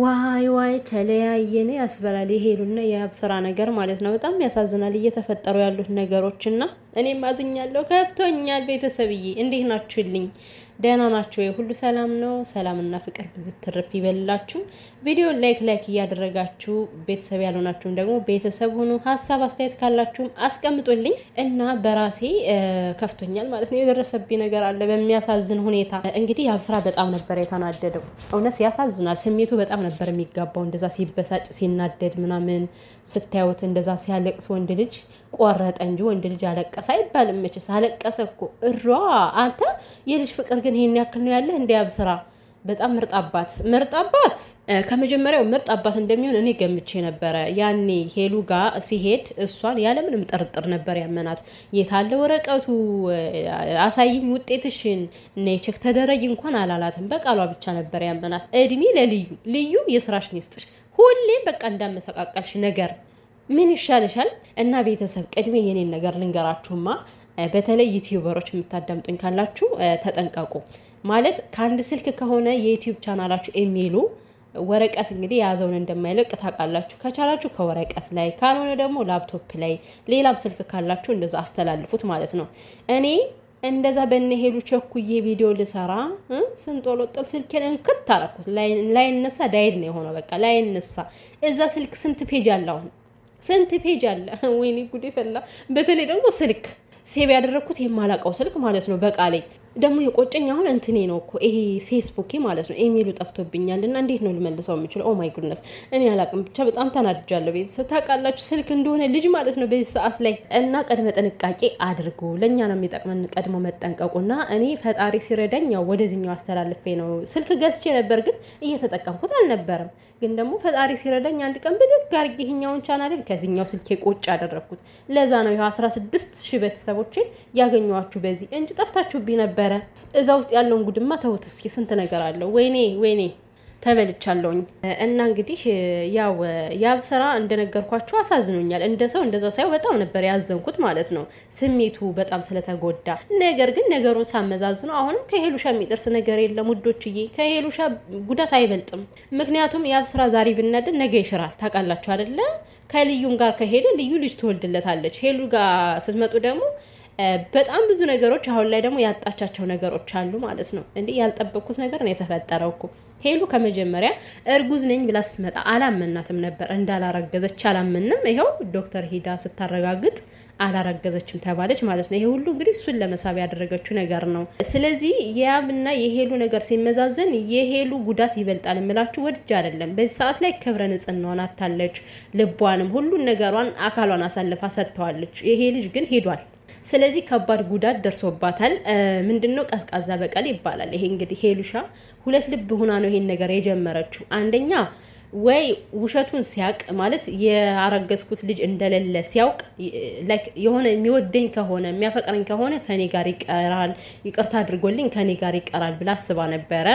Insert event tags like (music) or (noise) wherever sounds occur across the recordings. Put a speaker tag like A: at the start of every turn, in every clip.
A: ዋይ ዋይ ተለያየን ያስበላል። የሄሉና የአብ ስራ ነገር ማለት ነው። በጣም ያሳዝናል እየተፈጠሩ ያሉት ነገሮች እና እኔም አዝኛለሁ፣ ከፍቶኛል። ቤተሰብዬ እንዴት ናችሁልኝ? ደህና ናቸው የሁሉ ሰላም ነው። ሰላምና ፍቅር ብዝት ይበላችሁ። ቪዲዮ ላይክ ላይክ እያደረጋችሁ ቤተሰብ ያልሆናችሁም ደግሞ ቤተሰብ ሆኑ። ሀሳብ አስተያየት ካላችሁም አስቀምጡልኝ እና በራሴ ከፍቶኛል ማለት ነው። የደረሰብኝ ነገር አለ በሚያሳዝን ሁኔታ። እንግዲህ ያብስራ በጣም ነበር የተናደደው። እውነት ያሳዝናል። ስሜቱ በጣም ነበር የሚጋባው። እንደዛ ሲበሳጭ ሲናደድ ምናምን ስታዩት እንደዛ ሲያለቅስ ወንድ ልጅ ቆረጠ እንጂ ወንድ ልጅ አለቀሰ አይባልም መቼስ። አለቀሰ እኮ እሯ አንተ የልጅ ፍቅር ግን ግን ይህን ያክል ነው ያለህ እንደ አብስራ በጣም ምርጥ አባት ምርጥ አባት ከመጀመሪያው ምርጥ አባት እንደሚሆን እኔ ገምቼ ነበረ። ያኔ ሄሉ ጋ ሲሄድ እሷን ያለምንም ጥርጥር ነበር ያመናት። የታለ ወረቀቱ አሳይኝ፣ ውጤትሽን እነ ቼክ ተደረጊ እንኳን አላላትም። በቃሏ ብቻ ነበር ያመናት። እድሜ ለልዩ ልዩ የስራሽን ይስጥሽ። ሁሌም በቃ እንዳመሰቃቀልሽ ነገር ምን ይሻልሻል? እና ቤተሰብ ቅድሜ የኔን ነገር ልንገራችሁማ በተለይ ዩቲዩበሮች የምታዳምጡኝ ካላችሁ ተጠንቀቁ። ማለት ከአንድ ስልክ ከሆነ የዩቲዩብ ቻናላችሁ የሚሉ ወረቀት እንግዲህ የያዘውን እንደማይለቅ ታውቃላችሁ። ከቻላችሁ ከወረቀት ላይ ካልሆነ ደግሞ ላፕቶፕ ላይ ሌላም ስልክ ካላችሁ እንደዛ አስተላልፉት ማለት ነው። እኔ እንደዛ በነሄዱ ቸኩዬ ቪዲዮ ልሰራ ስንጦሎጦል ስልኬን እንክት አረኩት። ላይነሳ ዳይድ ነው የሆነው። በቃ ላይነሳ። እዛ ስልክ ስንት ፔጅ አለ? አሁን ስንት ፔጅ አለ? ወይኔ ጉዴ ፈላ። በተለይ ደግሞ ስልክ ሴቭ ያደረግኩት የማላቀው ስልክ ማለት ነው በቃሌ ደግሞ የቆጨኝ አሁን እንትኔ ነው እኮ ይሄ ፌስቡኬ ማለት ነው። ኢሜሉ ጠፍቶብኛል እና እንዴት ነው ልመልሰው የምችለው? ኦማይ oh ጉድነስ እኔ አላቅም። ብቻ በጣም ተናድጃለሁ። ቤተሰብ ታውቃላችሁ፣ ስልክ እንደሆነ ልጅ ማለት ነው በዚህ ሰዓት ላይ እና ቀድመ ጥንቃቄ አድርጉ። ለእኛ ነው የሚጠቅመን ቀድሞ መጠንቀቁ መጠንቀቁና እኔ ፈጣሪ ሲረዳኝ ያው ወደዚኛው አስተላልፌ ነው ስልክ ገዝቼ ነበር፣ ግን እየተጠቀምኩት አልነበረም። ግን ደግሞ ፈጣሪ ሲረዳኝ አንድ ቀን ብድግ አድርጌ ይኸኛውን ቻናሌን ከዚህኛው ስልኬ ቆጭ አደረግኩት። ለዛ ነው ይኸው አስራ ስድስት ሺህ ቤተሰቦቼን ያገኘኋችሁ በዚህ እንጂ ጠፍታችሁብኝ ነበር ነበረ። እዛ ውስጥ ያለውን ጉድማ ተውት እስኪ፣ ስንት ነገር አለው። ወይኔ ወይኔ ተበልቻለውኝ እና እንግዲህ ያው ያብ ስራ እንደነገርኳቸው አሳዝኖኛል። እንደ ሰው እንደዛ ሳይው በጣም ነበር ያዘንኩት ማለት ነው፣ ስሜቱ በጣም ስለተጎዳ። ነገር ግን ነገሩን ሳመዛዝነው አሁንም ከሄሉሻ የሚጥርስ ነገር የለም ውዶችዬ፣ ከሄሉሻ ጉዳት አይበልጥም። ምክንያቱም ያብ ስራ ዛሬ ብናድን ነገ ይሽራል። ታውቃላችሁ አደለ ከልዩም ጋር ከሄደ ልዩ ልጅ ትወልድለታለች። ሄሉ ጋር ስትመጡ ደግሞ በጣም ብዙ ነገሮች አሁን ላይ ደግሞ ያጣቻቸው ነገሮች አሉ ማለት ነው። እንዲህ ያልጠበቅኩት ነገር ነው የተፈጠረው እኮ ሄሉ ከመጀመሪያ እርጉዝ ነኝ ብላ ስትመጣ አላመናትም ነበር። እንዳላረገዘች አላመንም። ይኸው ዶክተር ሂዳ ስታረጋግጥ አላረገዘችም ተባለች ማለት ነው። ይሄ ሁሉ እንግዲህ እሱን ለመሳብ ያደረገችው ነገር ነው። ስለዚህ የያብና የሄሉ ነገር ሲመዛዘን የሄሉ ጉዳት ይበልጣል የምላችሁ ወድጃ አይደለም። በዚህ ሰዓት ላይ ክብረ ንጽህናዋን አታለች፣ ልቧንም ሁሉን ነገሯን አካሏን አሳልፋ ሰጥተዋለች። ይሄ ልጅ ግን ሄዷል። ስለዚህ ከባድ ጉዳት ደርሶባታል። ምንድነው ቀዝቃዛ በቀል ይባላል። ይሄ እንግዲህ ሄሉሻ ሁለት ልብ ሁና ነው ይሄን ነገር የጀመረችው አንደኛ ወይ ውሸቱን ሲያውቅ ማለት የአረገዝኩት ልጅ እንደሌለ ሲያውቅ የሆነ የሚወደኝ ከሆነ የሚያፈቅረኝ ከሆነ ከኔ ጋር ይቀራል፣ ይቅርታ አድርጎልኝ ከኔ ጋር ይቀራል ብላ አስባ ነበረ።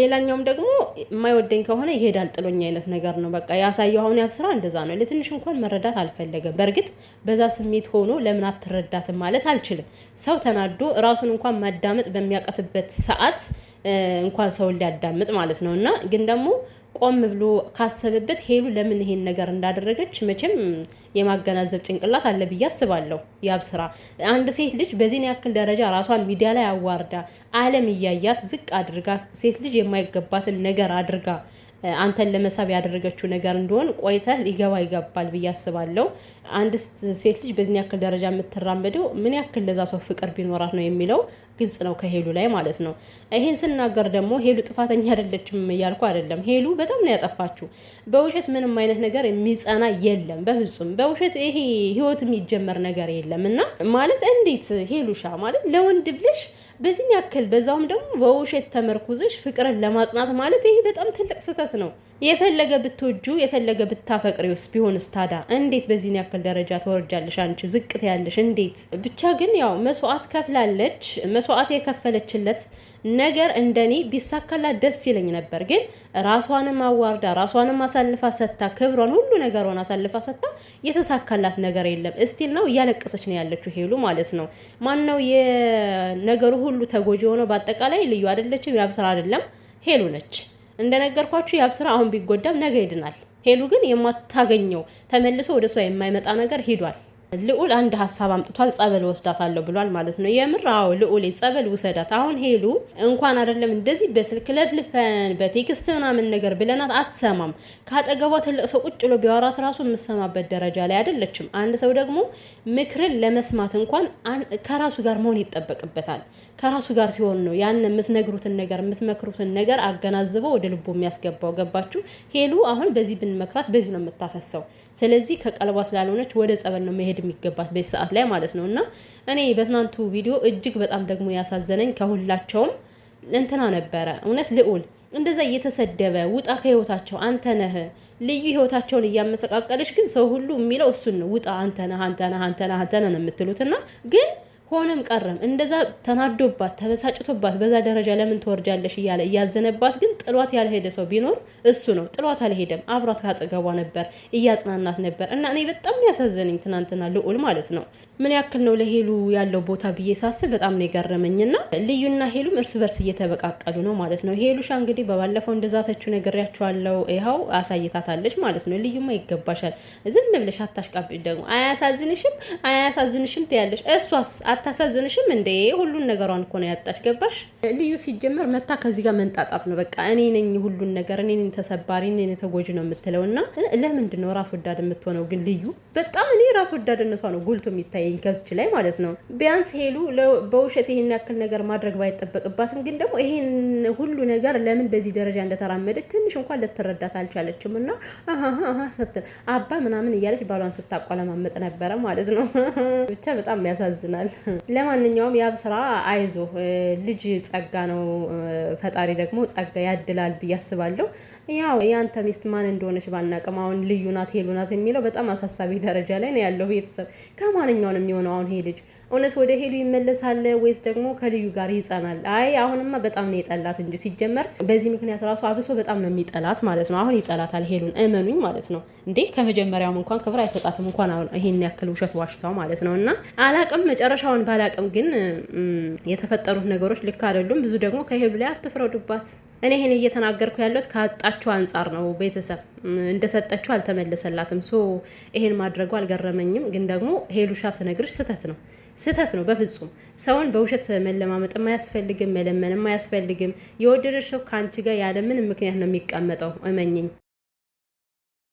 A: ሌላኛውም ደግሞ የማይወደኝ ከሆነ ይሄዳል ጥሎኝ አይነት ነገር ነው። በቃ ያሳየው አሁን ያብ ስራ እንደዛ ነው። ለትንሽ እንኳን መረዳት አልፈለገም። በእርግጥ በዛ ስሜት ሆኖ ለምን አትረዳትም ማለት አልችልም። ሰው ተናዶ ራሱን እንኳን ማዳመጥ በሚያቀትበት ሰዓት እንኳን ሰውን ሊያዳምጥ ማለት ነው እና ግን ደግሞ ቆም ብሎ ካሰበበት ሄሉ ለምን ይሄን ነገር እንዳደረገች መቼም የማገናዘብ ጭንቅላት አለ ብዬ አስባለሁ። ስራ አንድ ሴት ልጅ በዚህን ያክል ደረጃ ራሷን ሚዲያ ላይ አዋርዳ ዓለም እያያት ዝቅ አድርጋ ሴት ልጅ የማይገባትን ነገር አድርጋ አንተን ለመሳብ ያደረገችው ነገር እንደሆን ቆይተህ ሊገባ ይገባል ብዬ አስባለሁ። አንድ ሴት ልጅ በዚህ ያክል ደረጃ የምትራመደው ምን ያክል ለዛ ሰው ፍቅር ቢኖራት ነው የሚለው ግልጽ ነው ከሄሉ ላይ ማለት ነው። ይሄን ስናገር ደግሞ ሄሉ ጥፋተኛ አይደለችም እያልኩ አይደለም። ሄሉ በጣም ነው ያጠፋችው። በውሸት ምንም አይነት ነገር የሚጸና የለም በፍጹም በውሸት ይሄ ህይወት የሚጀመር ነገር የለም እና ማለት እንዴት ሄሉሻ ማለት ለወንድ ብለሽ በዚህም ያክል በዛውም ደግሞ በውሸት ተመርኩዘሽ ፍቅርን ለማጽናት ማለት ይሄ በጣም ትልቅ ስህተት ነው። የፈለገ ብትወጁ የፈለገ ብታፈቅሪውስ ቢሆንስ ታዳ እንዴት በዚህን ያክል ደረጃ ተወርጃለሽ? አንቺ ዝቅት ያለሽ እንዴት? ብቻ ግን ያው መስዋዕት ከፍላለች። መስዋዕት የከፈለችለት ነገር እንደኔ ቢሳካላት ደስ ይለኝ ነበር። ግን ራሷንም አዋርዳ ራሷንም አሳልፋ ሰጥታ ክብሯን ሁሉ ነገሯን አሳልፋ ሰጥታ የተሳካላት ነገር የለም። እስቲል ነው እያለቀሰች ነው ያለችው ሄሉ ማለት ነው። ማን ነው የነገሩ ሁሉ ተጎጂ የሆነው? በአጠቃላይ ልዩ አይደለችም፣ ያብስራ አይደለም ሄሉ ነች። እንደነገርኳችሁ ያብ ስራ አሁን ቢጎዳም ነገ ይድናል። ሄሉ ግን የማታገኘው ተመልሶ ወደ እሷ የማይመጣ ነገር ሂዷል። ልዑል አንድ ሀሳብ አምጥቷል። ጸበል ወስዳታለሁ ብሏል ማለት ነው። የምር አዎ፣ ልዑል ጸበል ውሰዳት። አሁን ሄሉ እንኳን አይደለም እንደዚህ በስልክ ለፍልፈን በቴክስት ምናምን ነገር ብለናት አትሰማም። ከአጠገቧ ትልቅ ሰው ቁጭ ብሎ ቢያወራት ራሱ የምሰማበት ደረጃ ላይ አይደለችም። አንድ ሰው ደግሞ ምክርን ለመስማት እንኳን ከራሱ ጋር መሆን ይጠበቅበታል። ከራሱ ጋር ሲሆን ነው ያን የምትነግሩትን ነገር የምትመክሩትን ነገር አገናዝበው ወደ ልቦ የሚያስገባው። ገባችሁ? ሄሉ አሁን በዚህ ብንመክራት በዚህ ነው የምታፈሰው። ስለዚህ ከቀልቧ ስላልሆነች ወደ ጸበል ነው መሄድ መሄድ የሚገባት በዚህ ሰዓት ላይ ማለት ነው። እና እኔ በትናንቱ ቪዲዮ እጅግ በጣም ደግሞ ያሳዘነኝ ከሁላቸውም እንትና ነበረ እውነት ልዑል እንደዛ እየተሰደበ ውጣ ከህይወታቸው አንተ ነህ ልዩ ህይወታቸውን እያመሰቃቀለች ግን ሰው ሁሉ የሚለው እሱን ነው። ውጣ አንተ ነህ አንተ ነህ አንተ ነህ አንተ ነህ ነው የምትሉትና ግን ሆነም ቀረም እንደዛ ተናዶባት ተበሳጭቶባት በዛ ደረጃ ለምን ትወርጃለሽ እያለ እያዘነባት፣ ግን ጥሏት ያልሄደ ሰው ቢኖር እሱ ነው። ጥሏት አልሄደም፣ አብሯት ካጠገቧ ነበር፣ እያጽናናት ነበር። እና እኔ በጣም ያሳዘነኝ ትናንትና ልዑል ማለት ነው ምን ያክል ነው ለሄሉ ያለው ቦታ ብዬ ሳስብ በጣም ነው የገረመኝና ልዩና ሄሉም እርስ በርስ እየተበቃቀሉ ነው ማለት ነው። ሄሉሻ እንግዲህ በባለፈው እንደዛተችው ነግሬያቸዋለሁ። ይኸው አሳይታታለች ማለት ነው። ልዩማ ይገባሻል፣ ዝም ብለሽ አታሽቃብጭ። ደግሞ አያሳዝንሽም አያሳዝንሽም ትያለሽ እሷስ አታሳዝንሽም እንዴ? ሁሉን ነገሯን እኮ ነው ያጣች። ገባሽ ልዩ? ሲጀመር መታ ከዚህ ጋር መንጣጣት ነው በቃ። እኔ ነኝ ሁሉን ነገር፣ እኔ ነኝ ተሰባሪ፣ እኔ ነኝ ተጎጂ ነው የምትለው እና ለምንድን ነው ራስ ወዳድ የምትሆነው ግን ልዩ? በጣም እኔ ራስ ወዳድነቷ ነው ጉልቶ የሚታየኝ ከዚች ላይ ማለት ነው። ቢያንስ ሄሉ በውሸት ይሄን ያክል ነገር ማድረግ ባይጠበቅባትም ግን ደግሞ ይሄን ሁሉ ነገር ለምን በዚህ ደረጃ እንደተራመደች ትንሽ እንኳን ልትረዳት አልቻለችም። እና ስትል አባ ምናምን እያለች ባሏን ስታቋለማመጥ ነበረ ማለት ነው። (laughs) ብቻ በጣም ያሳዝናል። ለማንኛውም ያብ ስራ አይዞ ልጅ ጸጋ ነው። ፈጣሪ ደግሞ ጸጋ ያድላል ብዬ አስባለሁ። ያው የአንተ ሚስት ማን እንደሆነች ባናቅም አሁን ልዩ ናት ሄሉ ናት የሚለው በጣም አሳሳቢ ደረጃ ላይ ነው ያለው ቤተሰብ። ከማንኛውንም የሚሆነው አሁን ይሄ ልጅ እውነት ወደ ሄሉ ይመለሳል ወይስ ደግሞ ከልዩ ጋር ይጸናል? አይ አሁንማ በጣም ነው የጠላት እንጂ ሲጀመር በዚህ ምክንያት ራሱ አብሶ በጣም ነው የሚጠላት ማለት ነው። አሁን ይጠላታል ሄሉን እመኑኝ ማለት ነው። እንዴ ከመጀመሪያውም እንኳን ክብር አይሰጣትም እንኳን ይሄን ያክል ውሸት ዋሽታው ማለት ነው። እና አላቅም መጨረሻውን ሌላውን ባላቅም ግን የተፈጠሩት ነገሮች ልክ አይደሉም። ብዙ ደግሞ ከሄሉ ላይ አትፍረዱባት። እኔ ይህን እየተናገርኩ ያለሁት ካጣችሁ አንጻር ነው። ቤተሰብ እንደሰጠችው አልተመለሰላትም። ሶ ይሄን ማድረጉ አልገረመኝም። ግን ደግሞ ሄሉሻ ስነግርሽ ስህተት ነው ስህተት ነው በፍጹም። ሰውን በውሸት መለማመጥ አያስፈልግም፣ መለመንም አያስፈልግም። የወደደሽ ሰው ከአንቺ ጋር ያለምን ምክንያት ነው የሚቀመጠው። እመኝኝ።